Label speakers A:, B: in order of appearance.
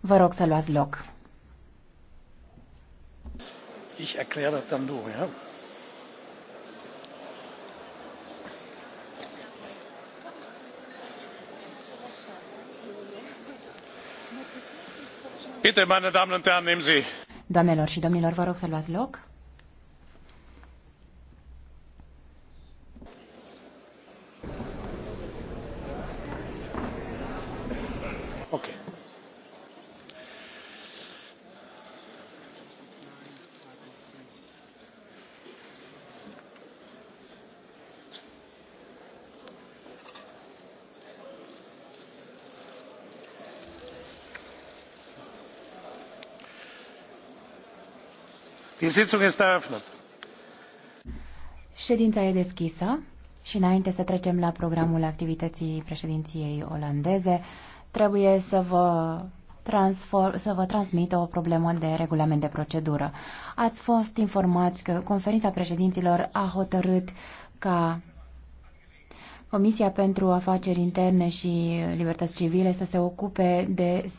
A: Vă rog să luați loc.
B: Ich erkläre das dann du, ja?
C: Bitte, meine Damen und Herren, nehmen Sie.
D: Doamnelor și domnilor, vă rog să luați loc.
E: Ședința e deschisă și înainte să trecem la programul activității președinției olandeze, trebuie să vă transfer, să vă transmit o problemă de regulament de procedură. Ați fost informați că conferința președinților a hotărât ca
A: Comisia pentru Afaceri Interne și Libertăți Civile să se ocupe de